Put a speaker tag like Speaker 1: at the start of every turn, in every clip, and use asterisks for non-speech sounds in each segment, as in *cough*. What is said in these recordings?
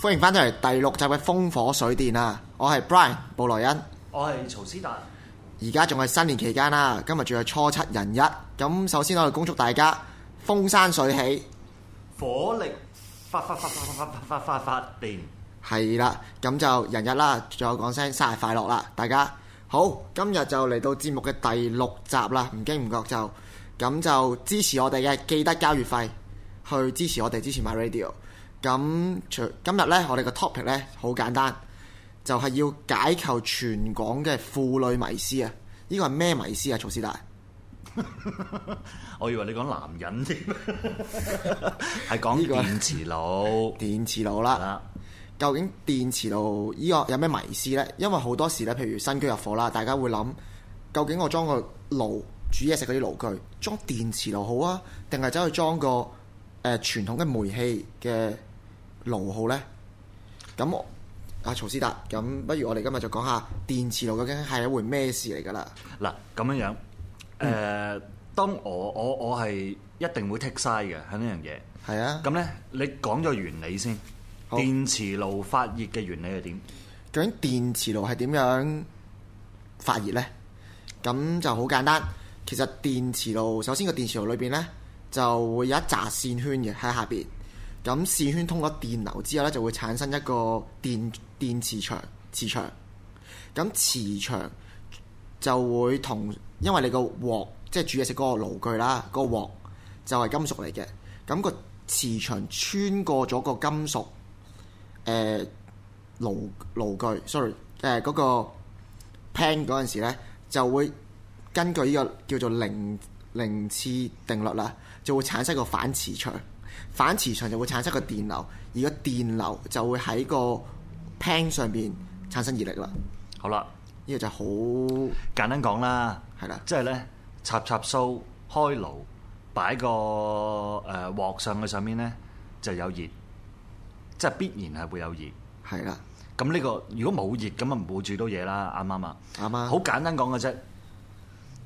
Speaker 1: 歡迎返到嚟，第六集嘅風火水電啊！我係 Brian 布萊恩，
Speaker 2: 我係曹撕達。
Speaker 1: 而家仲係新年期間啦，今日仲係初七人日。咁首先我哋恭祝大家風生水起，
Speaker 2: 火力發發發發發發發發發電
Speaker 1: 係啦。咁就人日啦，最後講聲生日快樂啦，大家好。今日就嚟到節目嘅第六集啦，唔經唔覺就咁就支持我哋嘅，記得交月費去支持我哋，支持 MyRadio。咁，今日呢，我哋嘅 topic 呢，好簡單，就係、是、要解構全港嘅婦女迷思啊！呢個係咩迷思啊，曹撕達？
Speaker 2: *laughs* 我以為你講男人添，
Speaker 1: 係講呢個電磁爐。 *laughs* 電磁爐啦， *laughs* 究竟電磁爐呢個有咩迷思呢？因為好多時呢，譬如新居入伙啦，大家會諗，究竟我裝個爐煮嘢食嗰啲爐具，裝電磁爐好啊，定係走去裝個誒傳統嘅煤氣嘅？爐號呢，咁阿曹撕達，咁不如我哋今日就講下電磁爐究竟係一回咩事嚟㗎啦。嗱，咁樣樣誒，嗯、當我
Speaker 2: 我我係一定會 take 曬嘅喺呢樣嘢。係是啊，咁呢，你講咗原理
Speaker 1: 先，好 電磁爐發熱嘅原理係點？究竟電磁爐係點樣發熱呢？咁就好簡單，其實電磁爐首先個電磁爐裏邊呢，就會有一紮線圈嘅喺下邊。咁線圈通過電流之後咧，就會產生一個電電磁場，磁場。咁磁場就會同因為你個鑊，即係煮嘢食嗰個爐具啦，嗰個鑊就係金屬嚟嘅。咁個磁場穿過咗個金屬，誒爐爐具，sorry，誒嗰個 pan 嗰陣時咧，就會根據呢個叫做零零次定律啦，就會產生個反磁場。反磁場就會產生個電流，而個電流就會喺個 pan 上邊產生熱力啦。好啦，呢個就好簡單講啦，係啦，即係咧插插蘇開
Speaker 2: 爐，擺個誒、呃、鑊上嘅上面咧就有熱，即係必然係會有熱。係啦是的、這個，咁呢個如果冇熱咁啊唔會煮到嘢啦，啱唔啱啊？啱啊，好簡單講嘅啫，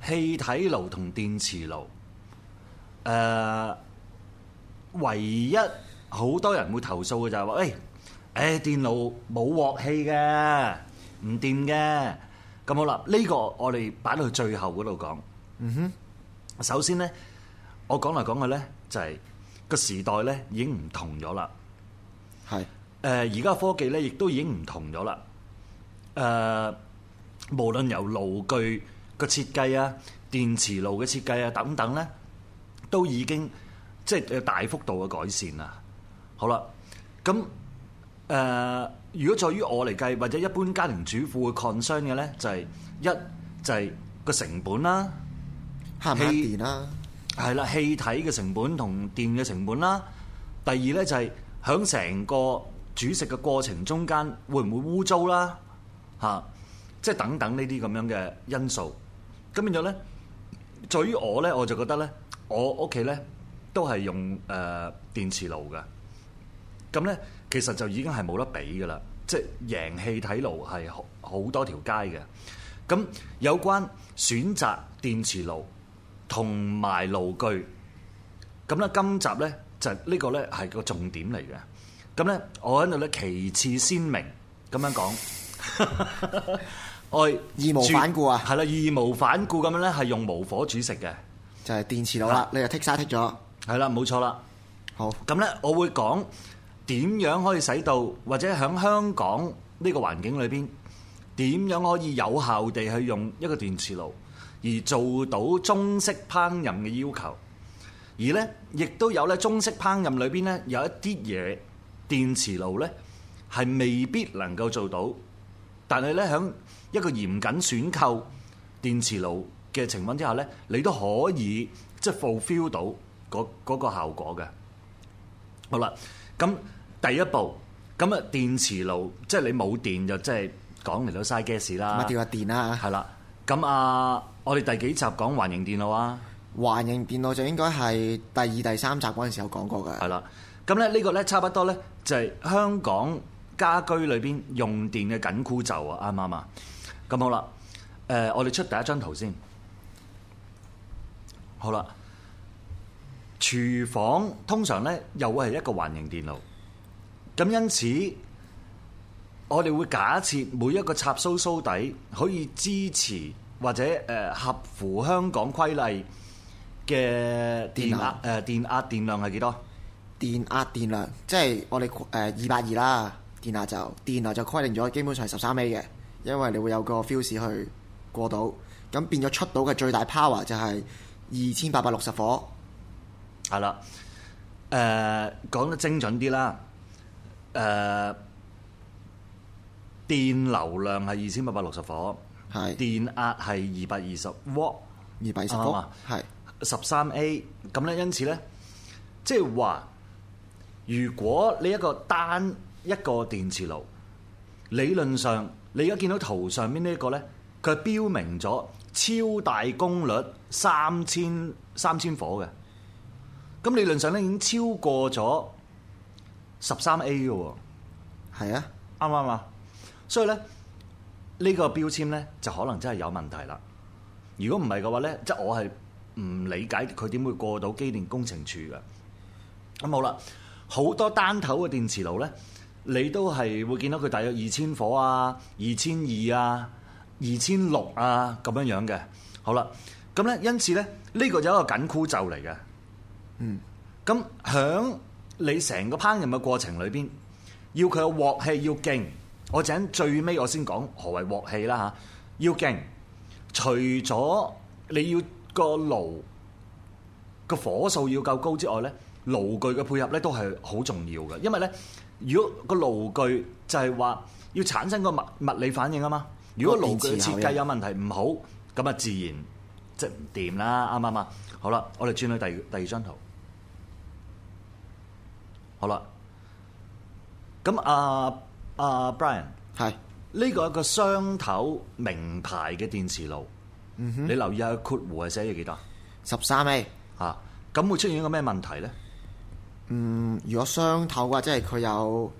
Speaker 2: 氣體爐同電磁爐誒。呃唯一好多人會投訴嘅就係話，誒誒電腦冇鑊氣嘅，唔掂嘅。咁好啦，呢個我哋擺到去最後嗰度講。嗯哼。首先咧，我講嚟講去咧，就係個時代咧已經唔同咗啦。係。誒而家科技咧，亦都已經唔同咗啦。誒，無論由爐具個設計啊、電磁爐嘅設計啊等等咧，都已經，即係大幅度嘅改善啦。好啦，咁誒、呃，如果在於我嚟計，或者一般家庭主婦會 concern 嘅呢，就係、是、一就係、是、個成本啦， *music* 氣電啦，係啦， *music* 氣體嘅成本同電嘅成本啦。第二呢，就係喺成個煮食嘅過程中間會會，會唔會污糟啦？嚇， *music* 即、就、係、是、等等呢啲咁樣嘅因素。咁變咗呢，在於我呢，我就覺得呢，我屋企呢。都係用誒電磁爐嘅，咁咧其實就已經係冇得比嘅啦。即係贏氣體爐係好多條街嘅。咁有關選擇電磁爐同埋爐具，咁咧今集咧就呢個咧係個重點嚟嘅。咁咧我喺度咧旗幟鮮明咁樣講，我義無反顧啊，係啦，義無反顧咁樣咧係用無火煮食嘅，就係電磁爐啦，你又剔曬剔咗。係啦，冇錯啦。好，咁咧，我會講點樣可以使到，或者喺香港呢個環境裏邊點樣可以有效地去用一個電磁爐，而做到中式烹飪嘅要求。而呢，亦都有咧中式烹飪裏邊呢，有一啲嘢電磁爐呢係未必能夠做到，但係呢，喺一個嚴謹選購電磁爐嘅情況之下呢，你都可以即係 fulfill 到。嗰個效果嘅，好啦，咁第一步，咁啊電磁爐，即係你冇電就即係講嚟到曬嘅事啦。掉下
Speaker 1: 電啦，係啦，咁啊，我哋第幾集講環形電腦啊？環形電腦就應該係第二、第三集嗰陣時候講過嘅。係啦，咁咧呢個咧差不多咧
Speaker 2: 就係香港家居裏邊用電嘅緊箍咒啊，啱唔啱啊？咁好啦，誒、呃，我哋出第一張圖先，好啦。廚房通常咧又會係一個環形電路，咁因此我哋會假設每一個插蘇蘇底可以支持或者、呃、合乎香港規例嘅
Speaker 1: 電壓誒電壓電量係幾多電壓電量,電壓電量即係我哋二百二啦電壓就電流就規定咗，基本上係十三 A 嘅，因為你會有個 fuse 去過到咁變咗出到嘅最大 power 就係二千八百六十火。係啦，誒、呃、講得精準啲啦，
Speaker 2: 誒、呃、電流量係二千八百六十火，係是電壓係二百二十 w，二百二十伏，係十三 A 是。咁咧，因此咧，即係話，如果你一個單一個電磁爐，理論上你而家見到圖上面呢一個咧，佢係標明咗超大功率三千三千火嘅。咁理論上咧已經超過咗十三 A 嘅喎的，係啊，啱啱啊？所以咧呢、呢個標籤咧就可能真係有問題啦。如果唔係嘅話咧，即、就、係、是、我係唔理解佢點會過到機電工程處嘅。咁好啦，好多單頭嘅電磁爐咧，你都係會見到佢大約二千火啊、二千二啊、二千六啊咁樣樣嘅。好啦，咁咧因此咧呢、呢個有一個緊箍咒嚟嘅。嗯，咁響你成個烹飪嘅過程裏邊，要佢嘅鑊氣要勁。我陣最尾我先講何謂鑊氣啦吓，要勁。除咗你要個爐個火數要夠高之外咧，爐具嘅配合咧都係好重要嘅。因為咧，如果個爐具就係話要產生個物物理反應啊嘛。嗯、如果爐具設計有問題唔、嗯、好，咁啊自然即係唔掂啦，啱唔啱啊？好啦，我哋轉去第二第二張圖。好啦，咁啊啊 Brian，係呢個一個雙頭名牌嘅電磁爐。嗯、哼，你留意下括弧係寫住幾多？十三 A，
Speaker 1: 啊，咁會出現一個咩問題咧？嗯，如果雙頭嘅話，即係佢有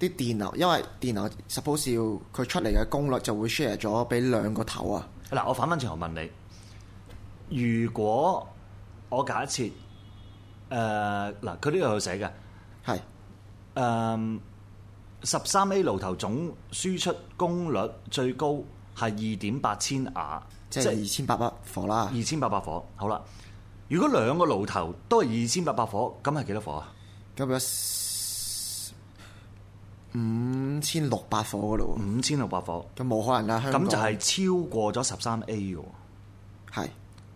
Speaker 1: 啲電流，因為電流 suppose 佢出嚟嘅功率就會 share 咗俾兩個頭啊。嗱，我反返轉頭問你，如果我
Speaker 2: 假設，誒、呃、嗱，佢呢度有寫嘅係誒十三 A 爐頭總輸出功率最高係二點八千瓦，即係二千八百火啦。二千八百火，好啦。如果兩個爐頭都係二千八百火，咁係幾多火啊？咁有五千六百火嘅咯喎，五千六百火，咁冇可能㗎，啊，香港咁就係超過咗十三 A 喎，係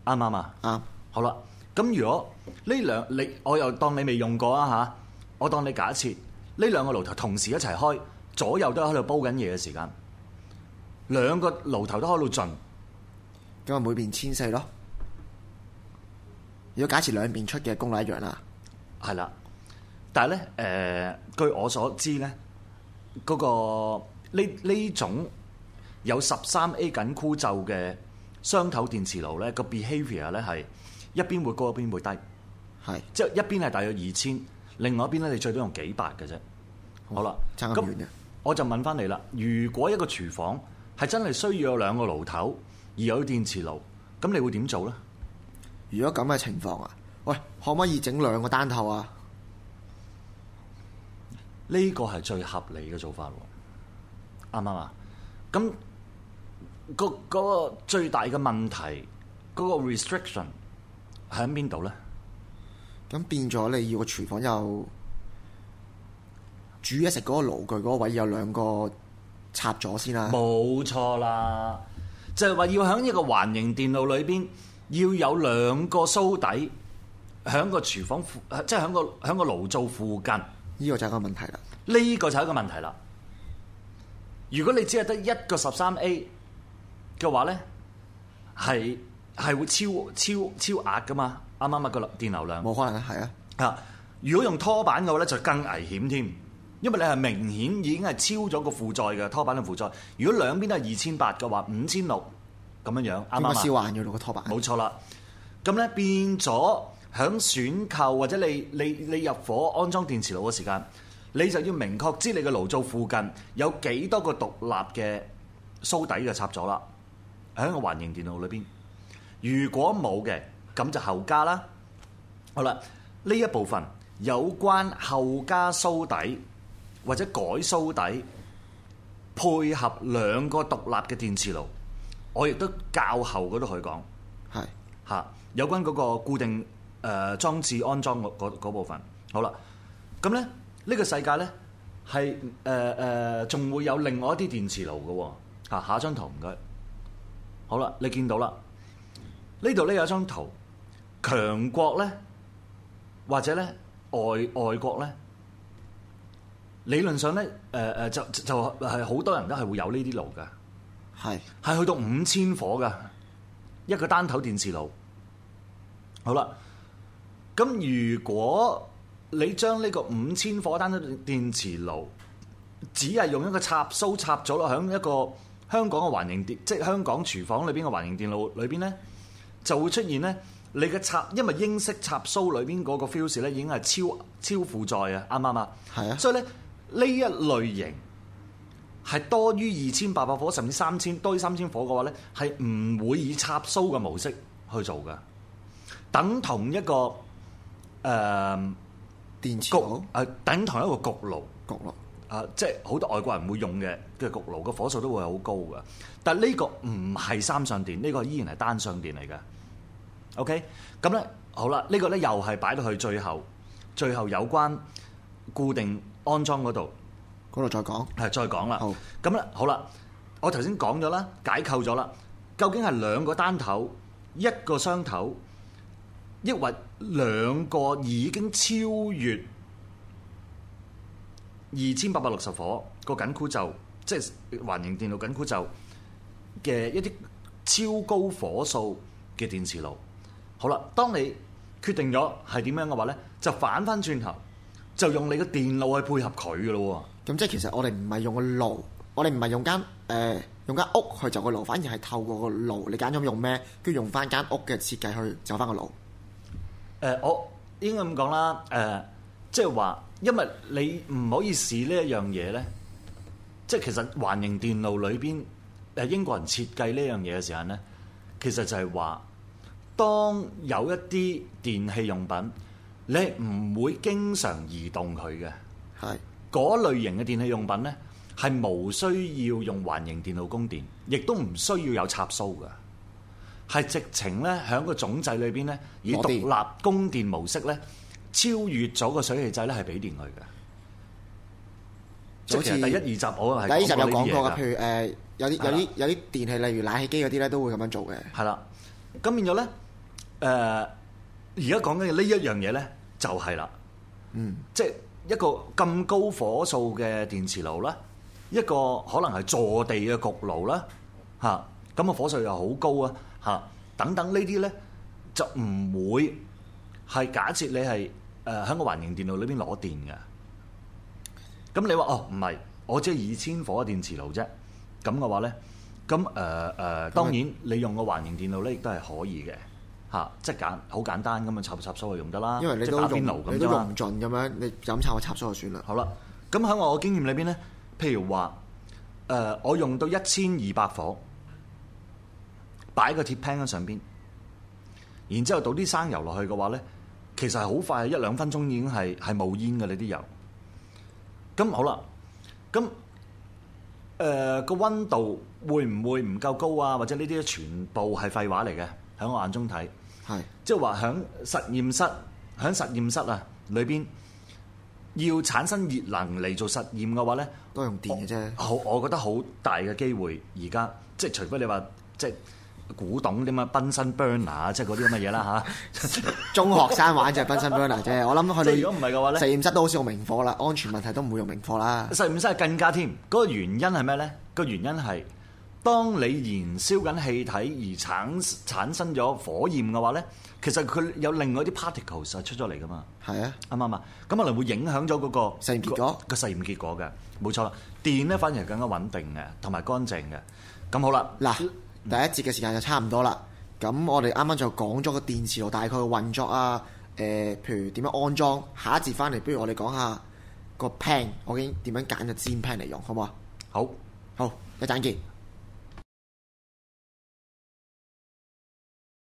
Speaker 2: 啱唔啱啊？啱吧，對好啦。咁如果呢兩，你我又當你未用過啊嚇，我當你假設呢兩個爐頭同時一齊開，左右都喺度煲緊嘢嘅時間，兩個爐
Speaker 1: 頭都喺度盡，咁啊每邊千四咯。如果假設兩邊出嘅功率一樣啦，係啦，但係咧誒，據我所
Speaker 2: 知咧，嗰、嗰個呢呢種有十三 A 緊箍咒嘅雙頭電磁爐咧，個 behavior 咧係。一邊會高一邊會低，係，即係一邊係大約二千，另外一邊咧你最多用幾百嘅啫。好啦，爭咁遠嘅，我就問翻你啦。如果一個廚房係真係需要有兩個爐頭，而有電磁爐，咁你會點做呢？如果咁嘅情況啊，喂，可唔可以整兩個單頭啊？呢個係最合理嘅做法喎，啱唔啱啊？咁嗰個嗰個最大嘅問題嗰個 restriction。喺邊度咧？
Speaker 1: 咁變咗你要個廚房又煮嘢食嗰個爐具嗰個位有兩個插座先啦。冇
Speaker 2: 錯啦，就係話要喺一個環形電路裏邊要有兩個蘇底，喺個廚房附，即係喺個喺個爐灶附近。呢個就係個問題啦。呢個就係一個問題啦。如果你只係得一個十三 A 嘅話咧，係。係會超超超壓噶嘛？啱啱啊？個電流量冇可能嘅，係啊。嚇，如果用拖板嘅話咧，就更危險添，因為你係明顯已經係超咗個負載嘅拖板嘅負載。如果兩邊都係二千八嘅話，五千六咁樣樣，啱啱先，點解燒壞個拖板？冇錯啦。咁咧變咗響選購或者你你你入伙安裝電磁爐嘅時間，你就要明確知你嘅爐灶附近有幾多個獨立嘅蘇底嘅插座啦。喺個環形電路裏邊。如果冇嘅，咁就後加啦。好啦，呢一部分有關後加蘇底或者改蘇底，配合兩個獨立嘅電磁爐，我亦都較後嗰度去講。係嚇是、啊，有關嗰個固定誒、呃、裝置安裝嗰部分。好啦，咁咧呢、呢個世界咧係誒誒，仲會、呃呃、有另外一啲電磁爐嘅喎。嚇、啊，下張圖唔該。好啦，你見到啦。呢度呢，有一張圖，強國呢或者呢，外外國呢，理論上呢，誒、呃、誒就就係好多人都係會有呢啲爐嘅，係係是去到五千火嘅一個單頭電磁爐。好啦，咁如果你將呢個五千火單頭電磁爐只係用一個插蘇插咗落喺一個香港嘅環形電，即係香港廚房裏邊嘅環形電路裏邊呢。就會出現呢，你嘅插，因為英式插蘇裏邊嗰個 fuse 咧已經係超超負載啊，啱唔啱啊？係啊。所以咧，呢一類型係多於二千八百火，甚至三千多於三千火嘅話呢，係唔會以插蘇嘅模式去做嘅，等同一個誒、呃、電池誒、呃、等同一個焗爐焗爐啊，即係好多外國人會用嘅嘅焗爐，個火數都會好高嘅。但呢個唔係三相電，呢、呢個依然係單相電嚟嘅。OK，咁咧好啦，呢個咧又係擺到去最後，最後有關固定安裝嗰度，嗰度再講，係再講啦。咁咧好啦，我頭先講咗啦，解構咗啦，究竟係兩個單頭、一個雙頭，抑或兩個已經超越二千八百六十火個緊箍咒，即係環形電路緊箍咒嘅一啲超高火數嘅電磁爐。好啦，當你決定咗係點樣嘅話呢，就反翻轉頭，就用你個電路去配合佢嘅咯喎。
Speaker 1: 咁即係其實我哋唔係用個路，我哋唔係用間誒、呃、用間屋去走個路，反而係透過個路，你揀咗用咩，跟住用翻間屋嘅設計去走翻個路。誒、呃，我應該咁講啦。誒、呃，即係話，因為你唔可以試
Speaker 2: 呢一樣嘢呢。即係其實環形電路裏邊，誒、呃、英國人設計呢樣嘢嘅時候呢，其實就係話。當有一啲電器用品，你唔會經常移動佢嘅，係嗰是類型嘅電器用品咧，係冇需要用環形電路供電，亦都唔需要有插蘇嘅，係直情咧喺個總掣裏邊咧，以獨立供電模式咧，超越咗個水氣掣咧，係俾電佢嘅。
Speaker 1: 好似像 第一第二集我係、呃、有講過嘅，譬如誒有啲有啲有啲電器，例如冷氣機嗰啲咧，都會咁樣做嘅。係啦，
Speaker 2: 咁變咗咧。誒而家講緊呢一樣嘢咧，就係、是、啦，嗯，即係一個咁高火數嘅電磁爐啦，一個可能係坐地嘅焗爐啦，嚇，咁啊火數又好高啊，嚇、啊、等等呢啲咧就唔會係假設你係誒喺個環形電路裏邊攞電嘅。咁你話哦，唔係我只係二千火嘅電磁爐啫。咁嘅話咧，咁誒誒，當然你用個環形電路咧，亦都係可以嘅。嚇，即係好簡單咁啊！插插蘇就用得啦，因即係打邊爐咁你都用
Speaker 1: 唔盡咁樣，你就插下插蘇就算啦。好啦，咁喺
Speaker 2: 我嘅經驗裏邊咧，譬如話，誒、呃、我用到一千二百火，擺個鐵 pan 喺上邊，然之後倒啲生油落去嘅話咧，其實係好快，一兩分鐘已經係係冒煙嘅呢啲油。咁好啦，咁誒個温度會唔會唔夠高啊？或者呢啲全部係廢話嚟嘅？喺我眼中睇。係，即係話響實驗室，響實驗室啊裏邊要產生熱能嚟做實驗嘅話咧，都用電嘅啫。好，我覺得好大嘅機會，而家即係除非你話即係古董啲乜，Bunsen burner 即係嗰啲咁嘅嘢啦吓。 *laughs* 中學生玩就係 Bunsen burner 啫， *laughs* 我諗佢哋。如果唔係嘅話咧，實驗
Speaker 1: 室都好少用明火啦，安全問題都唔會用明火啦。實
Speaker 2: 驗室係更加添，嗰、嗰個原因係咩咧？個原因係。當你燃燒緊氣體而產產生咗火焰嘅話呢，其實佢有另外啲 particles 係出咗嚟噶嘛，係是啊，啱啱啊嘛。咁可能會影響咗嗰個實驗結果，個實驗結果
Speaker 1: 嘅冇錯啦。電呢，反而係更加穩定嘅，同埋乾淨嘅。咁好啦，嗱，第一節嘅時間就差唔多啦。咁我哋啱啱就講咗個電磁爐大概嘅運作啊，誒、呃，譬如點樣安裝。下一節翻嚟，不如我哋講下個 pan，我哋點樣揀隻煎 pan 嚟用，好唔好啊？好，好一陣見。